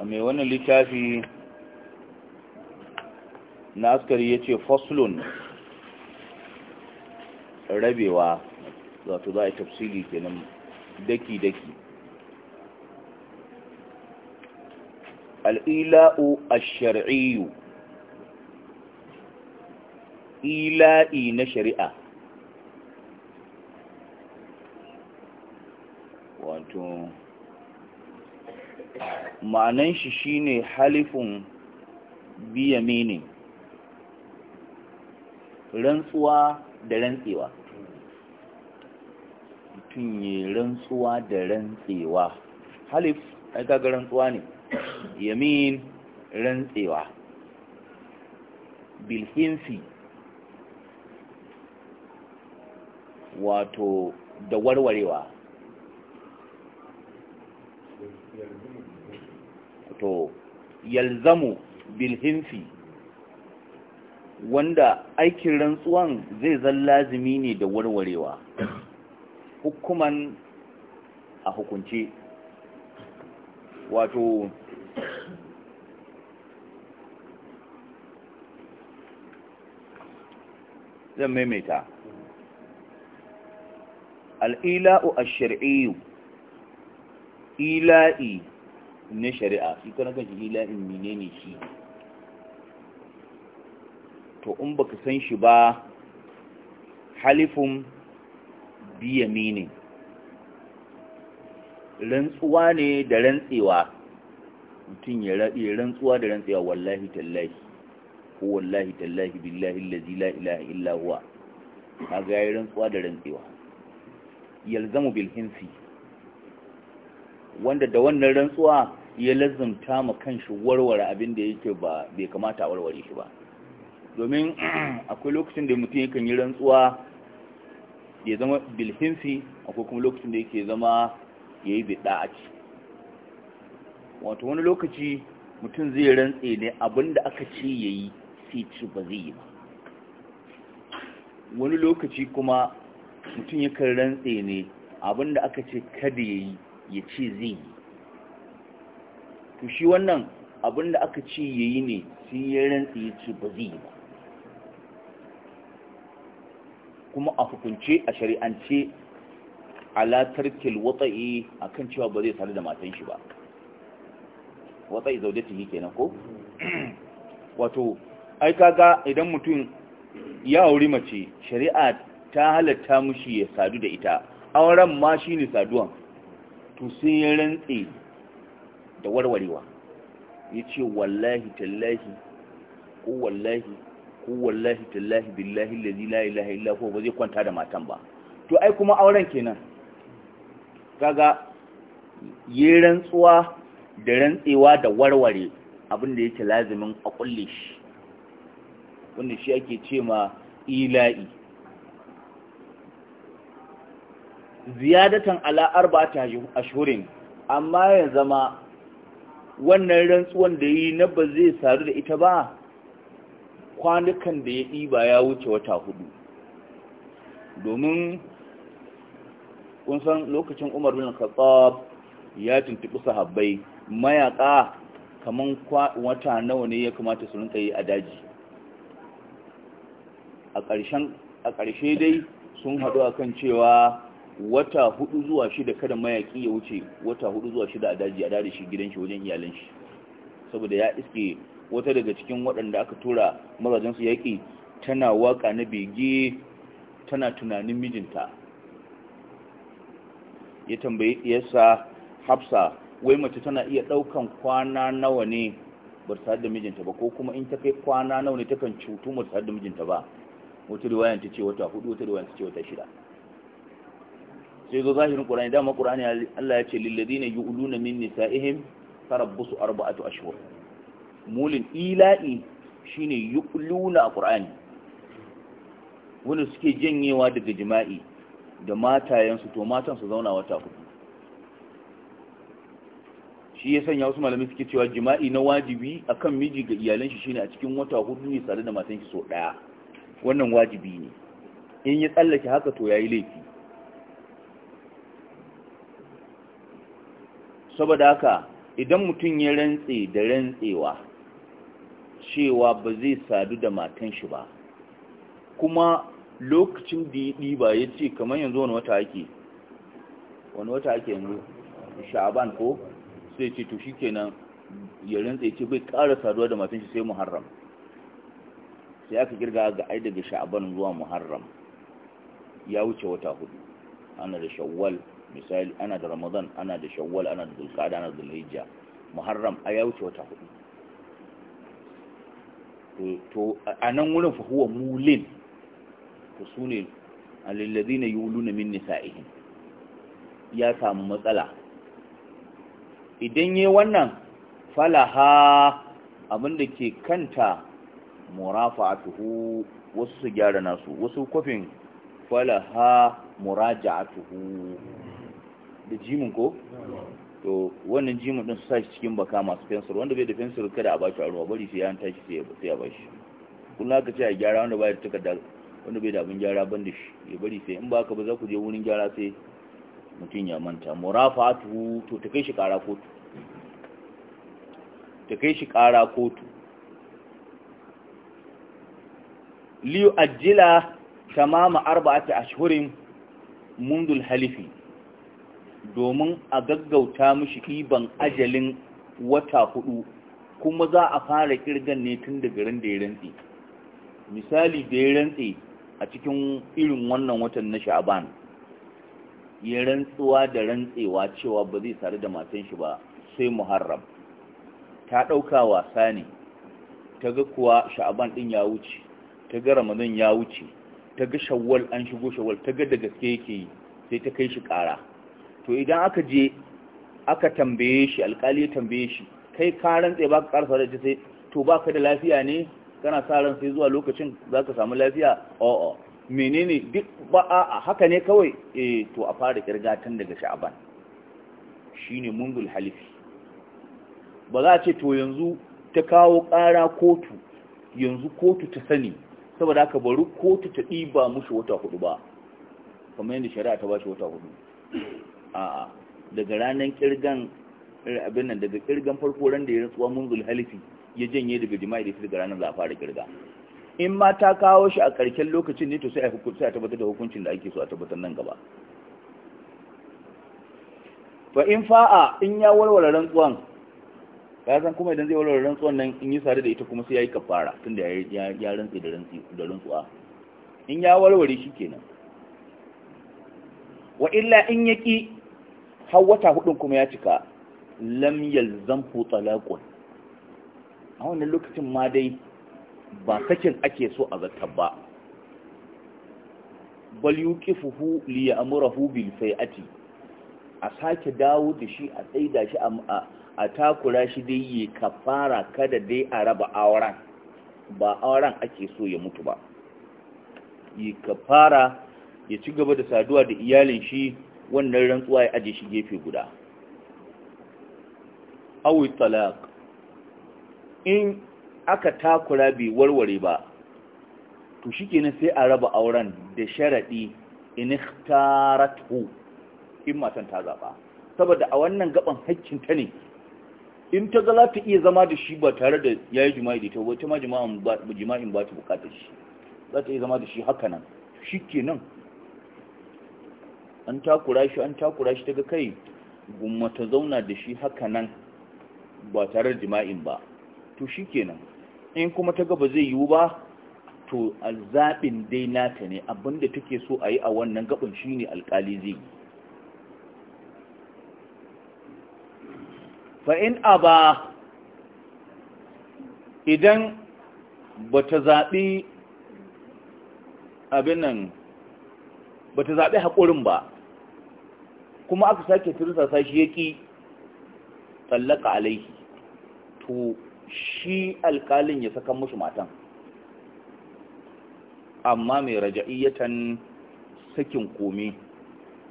A mai wani littafi na askari ya ce faslun rabewa wato za a yi tafsiri kenan daki-daki al'ila'u a shari'iyu ila'i na shari'a ma'anan shi shine halifin biyamini rantsuwa da rantsewa mutum yi rantsuwa da rantsewa halif ai ga rantsuwa ne yamin rantsewa bilhinsi wato da warwarewa to yalzamu bilhinfi wanda aikin rantsuwan zai zan lazimi ne da warwarewa hukuman a hukunce wato zan maimaita al'ila'u a shari'i ila'i na shari'a shi kana kan shi ilahin menene shi to in baka san shi ba halifun biyaminin rantsuwa ne da rantsewa mutum ya raɗe rantsuwa da rantsewa wallahi tallahi ko wallahi tallahi billahi allazi la ilaha illa huwa kaga yi rantsuwa da rantsewa yalzamu bil hinsi wanda da wannan rantsuwa ya lazumta ma kanshi warware abin da yake ba bai kamata a warware shi ba domin akwai lokacin da mutum yakan yi rantsuwa ya zama bilhinsi akwai kuma lokacin da yake zama ya yi bida'aci wato wani lokaci mutum zai rantse ne abin da aka ce ya yi sai ci ba zai yi ba wani lokaci kuma mutum yakan rantse ne abin da aka ce kada ya yi ya ce zai yi to shi wannan abin da aka ci yayi ne sai ya rantsi ya ce ba zai yi ba kuma a hukunce a shari'ance alatar kilwatsa'i a kan cewa ba zai sadu da matan shi ba watsa'i zaudatihi kenan ko wato ai kaga idan mutum ya auri mace shari'a ta halatta mushi ya sadu da ita auren ma shine saduwan to sai ya rantsi. da warwarewa ya ce wallahi tallahi ko wallahi ko wallahi tallahi billahi lalzi la ilaha illa ko ba zai kwanta da matan ba to ai kuma auren kenan kaga yi rantsuwa da rantsewa da warware abin da yake lazimin a kulle shi wanda shi ake ce ma ila'i ziyadatan ba ta shi amma ya zama wannan rantsuwan da yi na ba zai saru da ita ba kwanukan da ya ɗiba ya wuce wata hudu domin kunsan lokacin umar bin khattab ya tuntuɓi sahabbai mayaƙa kamar wata nawa ne ya kamata su rinka yi a daji a ƙarshe dai sun haɗu akan cewa wata hudu zuwa shida kada mayaki ya wuce wata hudu zuwa shida a daji a dare shi gidan shi wajen iyalinshi shi saboda ya iske wata daga cikin waɗanda aka tura mazajensu su yaƙi tana waka na bege tana tunanin mijinta ya tambayi ɗiyarsa hafsa wai mace tana iya ɗaukan kwana nawa ne ba ta da mijinta ba ko kuma in ta kai kwana nawa ne takan cutu ba su da mijinta ba wata riwayanta ta ce wata hudu wata riwayanta ta ce wata shida sai zo zahirin qur'ani dama qur'ani Allah ya ce yi ladina yu'luna min nisa'ihim tarabbusu arba'atu ashhur mulin ila'i shine na a qur'ani wani suke janyewa daga jima'i da matayensu to matan su zauna wata kudu shi ya sanya wasu malamai suke cewa jima'i na wajibi a kan miji ga iyalin shi shine a cikin wata hudu ne sadu da matan shi so ɗaya. wannan wajibi ne in ya tsallake haka to ya yi laifi saboda haka idan mutum ya rantse da rantsewa cewa ba zai sadu da matan shi ba kuma lokacin da ya ɗiba ya ce kamar yanzu wani wata ake wani wata ake yanzu sha'aban ko sai ce to shi kenan ya rantse ce bai ƙara saduwa da matan shi sai muharram sai aka girga ga ai daga sha'aban zuwa muharram ya wuce wata hudu ana da shawwal misali ana da ramadan ana da shawwal ana da dulkada ana da zulhijja muharram a ya wuce wata hudu to a nan wurin fa huwa mulin to sune alladhina yuluna min nisa'ihim ya samu matsala idan yi wannan falaha abinda ke kanta murafa'atuhu wasu su gyara nasu wasu kofin falaha muraja'atuhu da jimin ko to wannan jimin din su shi cikin baka masu fensir wanda bai da fensir kada a ba shi a ruwa bari sai ya tashi sai ya ba shi kun haka ce a gyara wanda bai da da wanda bai da abin gyara ban da shi ya bari sai in ba ka ba za ku je wurin gyara sai mutum ya manta murafatu to ta kai shi kara kotu ta kai shi kara kotu liyu ajila tamama arba'ati ashhurin mundul halifi domin a gaggauta mishi ɗiban ajalin wata hudu kuma za a fara kirgan ne tun da garin da ya rantse misali da ya rantse a cikin irin wannan watan na sha'aban ya rantsuwa da rantsewa cewa ba zai sadu da matan shi ba sai muharram ta ɗauka wasa ne ta ga kuwa sha'aban ɗin ya wuce ta ga ramadan ya wuce ta ga shawwal an shigo shawwal ta ga da gaske yake yi sai ta kai shi ƙara to idan aka je aka tambaye shi alkali ya tambaye shi kai ka rantse ba ka karfa da sai to ba ka da lafiya ne kana sa ran sai zuwa lokacin za ka samu lafiya o'o menene duk ba a haka ne kawai eh to a fara kirga tun daga sha'aban shine Mungul halifi ba za a ce to yanzu ta kawo kara kotu yanzu kotu ta sani saboda haka bari kotu ta ɗiba mushi wata hudu ba kamar yadda shari'a ta ba shi wata hudu a'a daga ranar kirgan abin nan daga kirgan farko ran da ya rantsuwa munzul halifi ya janye daga jima'i da daga ranar za a fara kirga in ma ta kawo shi a ƙarshen lokacin ne to sai a tabbatar da hukuncin da ake so a tabbatar nan gaba fa in fa'a in ya warware rantsuwan ya san kuma idan zai warware rantsuwan nan in yi sare da ita kuma sai ya yi kafara tunda ya ya rantsi da rantsi da rantsuwa in ya warware shi kenan wa illa in yaki har wata hudun kuma ya cika lam hu talaqun a wannan lokacin ma dai ba sakin ake so a zata ba bal yuqifuhu li ya'murahu bil fai'ati a sake dawo da shi a tsaida shi a takura shi dai yi kafara kada dai a raba auren ba auren ake so ya mutu ba yi kafara ya ci gaba da saduwa da iyalin shi wannan rantsuwa ya aje shi gefe guda awi talaq in aka takura bai warware ba to shikenan sai a raba auren da sharadi in ikhtaratu in matan ta zaba saboda a wannan gaban hakkin ta ne in ta ga za ta iya zama da shi ba tare da yayi jima'i da ba ta ma jima'in ba ta bukatar shi za ta iya zama da shi haka nan shikenan an takura shi an takura shi daga kai gumma ta zauna da shi haka nan ba tare da jima'in ba to shi kenan in kuma ta gaba zai yiwu ba to a zaɓin dai nata ne abinda take so a yi a wannan gaɓin shi ne alƙali zai yi fa'in a ba idan ba ta zaɓi abin ba ta zaɓi haƙurin ba kuma aka sake tursasa shi yaki tsallaka alaihi to shi alkalin ya saka musu matan amma mai raja'iyatan sakin komi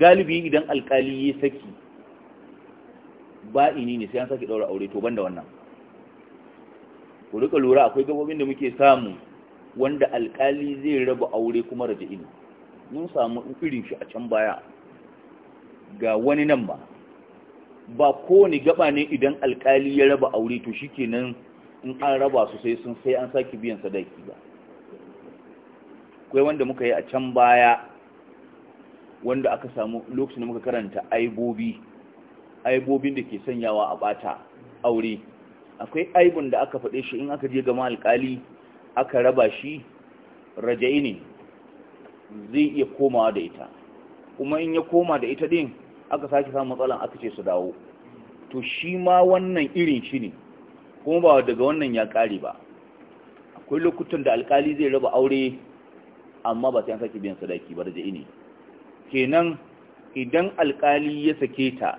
galibi idan alkali ya saki ba'ini ne sai an sake daura aure to banda wannan ku rika lura akwai gabobin da muke samu wanda alkali zai raba aure kuma Raja'i ne. mun samu irin shi a can baya ga wani nan ba ba kowane gaba ne idan alkali ya raba aure to shikenan in an raba su sai sun sai an sake biyan sadaki ba kwai wanda muka yi a can baya wanda aka samu lokacin da muka karanta aibobi aibobin da ke sanyawa a bata aure akwai aibun da aka faɗe shi in aka je gama alkali aka raba shi raja'i zai iya komawa da ita kuma in ya koma da ita din aka sake samun matsalan aka ce su dawo to shi ma wannan irin shi ne kuma ba daga wannan ya kare ba akwai lokutan da alkali zai raba aure amma ba sai an sake biyan sadaki ba da ne kenan idan alkali ya sake ta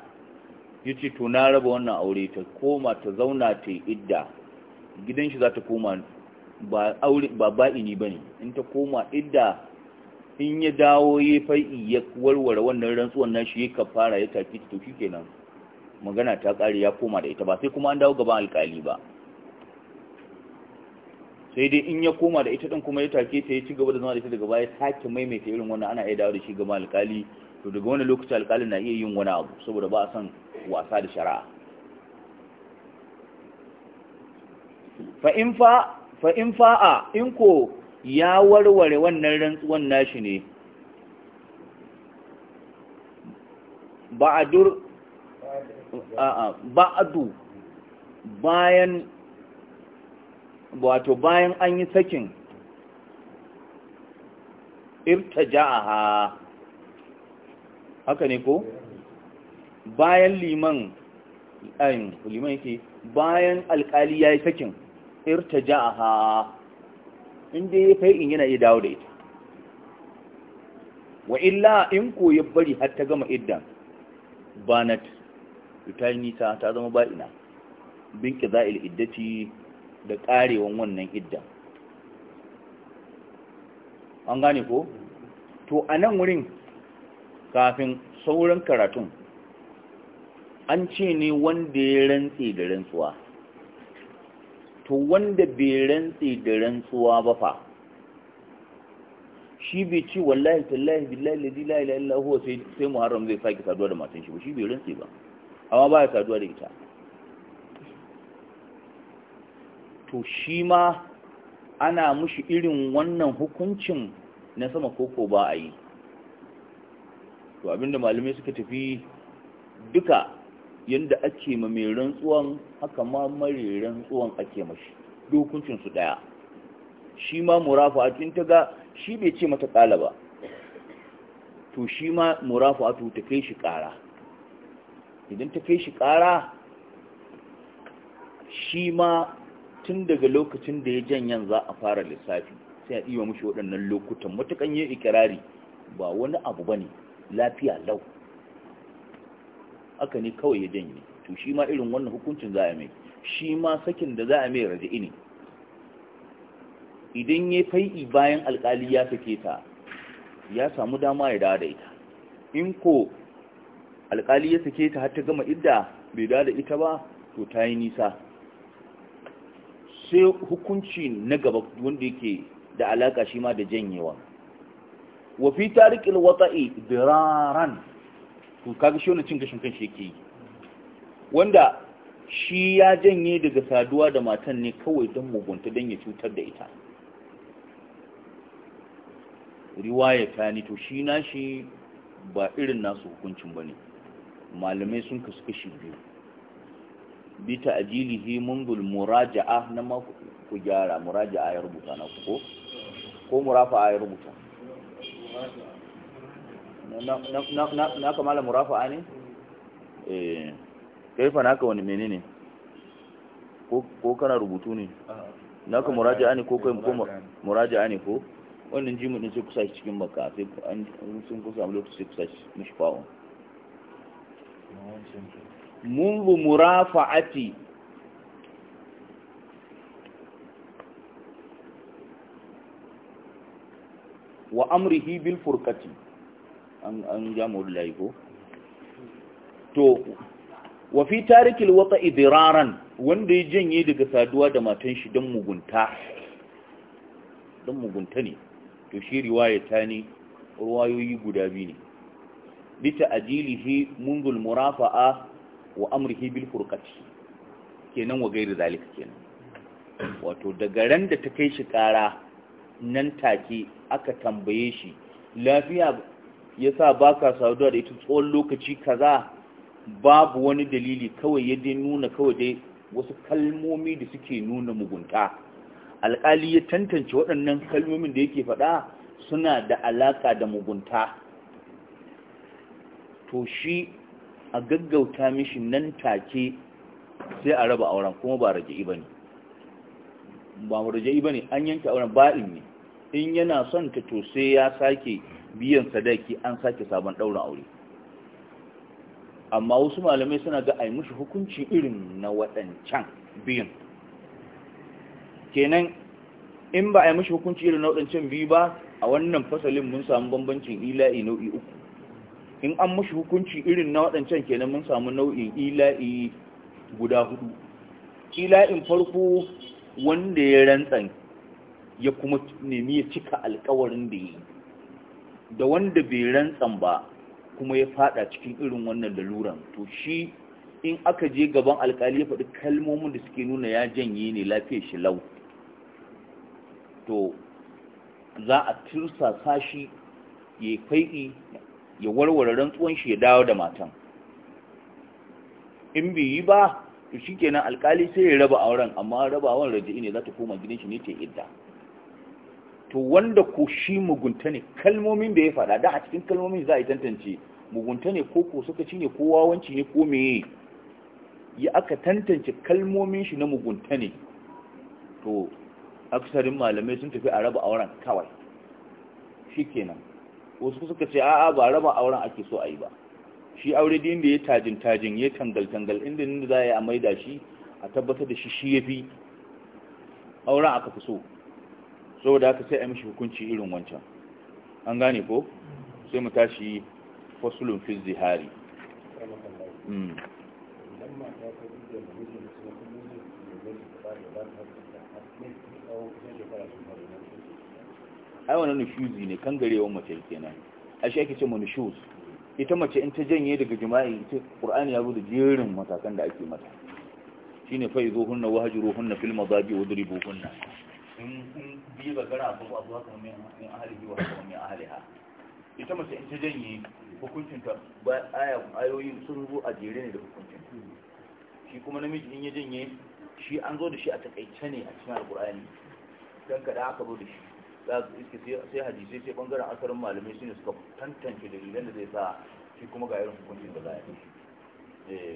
ya ce to na raba wannan aure ta koma ta zauna ta yi idda gidan shi za ta koma ba ba'ini ba ne in ta koma idda in ya dawo ya fai ya warware wannan rantsuwan nan shi ya fara ya tafi to shikenan magana ta kare ya koma da ita ba sai kuma an dawo gaban alkali ba sai dai in ya koma da ita din kuma ya take ta ya ci gaba da zama da ita daga baya sake maimaita irin wannan ana iya dawo da shi gaban alkali to daga wani lokaci alkali na iya yin wani abu saboda ba a son wasa da shari'a fa in fa fa in fa'a in ko ya warware wannan rantsuwan nashi ne ba'adur ba'adu bayan wato bayan an yi sakin irtaja'aha haka ne ko bayan liman ayin liman yake bayan alkali ya yi sakin irtaja'aha in dai ya kai in yana iya dawo da ita wa illa in ko ya bari har ta gama iddan banat ta yi nisa ta zama ba'ina bin ƙiza'il iddati da ƙarewan wannan iddan an gane ko to a nan wurin kafin sauran karatun an ce ne wanda ya rantse da rantsuwa to wanda bai rantse da rantsuwa ba fa shi bai ci wallahi tallahi billahi ladhi la ilaha illa huwa sai sai muharram zai saki saduwa da matan shi ba shi bai rantse ba amma baya saduwa da ita to shi ma ana mushi irin wannan hukuncin na sama koko ba a yi to abinda malamai suka tafi duka yanda ake ma mai rantsuwan haka ma mai rantsuwan ake mashi dokuncin su daya shi ma in ta ga shi bai ce mata kala ba to shi ma murafa'atu ta kai shi kara idan ta kai shi kara shi ma tun daga lokacin da ya janyan za a fara lissafi sai a iya mashi waɗannan lokutan matukan yin ikirari ba wani abu ba ne lafiya lau haka ne kawai ya janye to shi ma irin wannan hukuncin za a mai shi ma sakin da za a mai raja'i ne idan ya fai'i bayan alkali ya sake ta ya samu dama ya dawo da ita in ko alkali ya sake ta har ta gama idda bai dawo da ita ba to ta yi nisa sai hukunci na gaba wanda yake da alaka shi ma da janyewa wafi tarikin wata'i biraran to kaga shi wani cin gashin kanshi yake yi wanda shi ya janye daga saduwa da matan ne kawai don mugunta don ya cutar da ita riwaya ta ni to shi na shi ba irin nasu hukuncin ba ne malamai sun kasu kashi biyu bita hi mungul muraja'a na ma ku gyara muraja'a ya rubuta na ko ko murafa'a ya rubuta na kamala murafa'a ne? eh kaifa naka wani menene ko kana rubutu ne ah, naka muraja'a ne ko kai ko muraja'a ne ko wannan jimu din sai kusa cikin baka sai an sun kusa amma lokaci sai kusa mishi fa'o munzu murafa'ati wa amrihi bil furqati an jamu'ul layi ko to wa fi tarikil wata idiraran wanda ya janye daga saduwa da matan shi don mugunta don mugunta ne to shi riwaya ta ne ruwayoyi guda biyu ne bita ajilihi munzul murafa'a wa amrihi bil furqati kenan wa gairu zalika kenan wato daga ran da ta kai shi kara nan take aka tambaye shi lafiya ya sa ba ka saduwa da ita tsawon lokaci kaza babu wani dalili kawai ya dai nuna kawai dai wasu kalmomi da suke nuna mugunta alkali ya tantance waɗannan kalmomin da yake faɗa suna da alaƙa da mugunta to shi a gaggauta mishi nan take sai a raba auren kuma ba raja'i ba ne ba raja'i ba ne an yanke auren ba'in ne in yana son ta to sai ya sake biyan sadaki an sake sabon ɗaurin aure amma wasu malamai suna ga ai mushi hukunci irin na waɗancan biyan. kenan in ba a yi mashi hukunci irin na waɗancan biyu ba a wannan fasalin mun samu bambancin ila'i nau'i uku in an mashi hukunci irin na waɗancan kenan mun samu nau'in ila'i guda hudu ila'in farko wanda ya rantsan ya kuma nemi ya cika alkawarin da ya yi da wanda bai rantsan ba kuma ya fada cikin irin wannan laluran to shi in aka je gaban alkali ya faɗi kalmomin da suke nuna ya janye ne lafiyar shi lau to za a tursasa shi ya fai'i ya warware rantsuwan shi ya dawo da matan in bai yi ba to kenan alkali sai ya raba auren amma raba auren raji'i ne za ta koma gidan shi ne ta idda to wanda ko shi mugunta ne kalmomin da ya faɗa da a cikin kalmomin za a yi tantance mugunta ne ko ko suka ne ko wawanci ne ko meye ya aka tantance kalmomin shi na mugunta ne to aksarin malamai sun tafi a raba auren kawai shi kenan wasu suka ce a'a ba raba auren ake so a yi ba shi aure din da ya tajin tajin ya tangal tangal inda inda za a yi a maida shi a tabbatar da shi shi ya fi auren aka fi so saboda haka sai a mishi hukunci irin wancan an gane ko sai mu tashi fasulun fi zihari hmm. ai wani nufuzi ne kan garewan mace kenan ashe ake ce mani nushuz ita mace in ta janye daga jima'i ita ƙur'ani ya zo da jerin matakan da ake mata shine fa filma wahjuruhunna fil madaji wadribuhunna in kun biyu ga gara abu abu haka mai ahalihi wa haka mai ahaliha ita mace in ta janye hukuncinta ba aya ayoyin sun zo a jere ne da hukuncin shi kuma namiji in ya janye shi an zo da shi a takaice ne a cikin alkur'ani don kada aka zo da shi za su iske sai hadisai sai bangaren asarin malamai su ne suka tantance dalilan da zai sa shi kuma ga irin hukuncin da za a yi eh.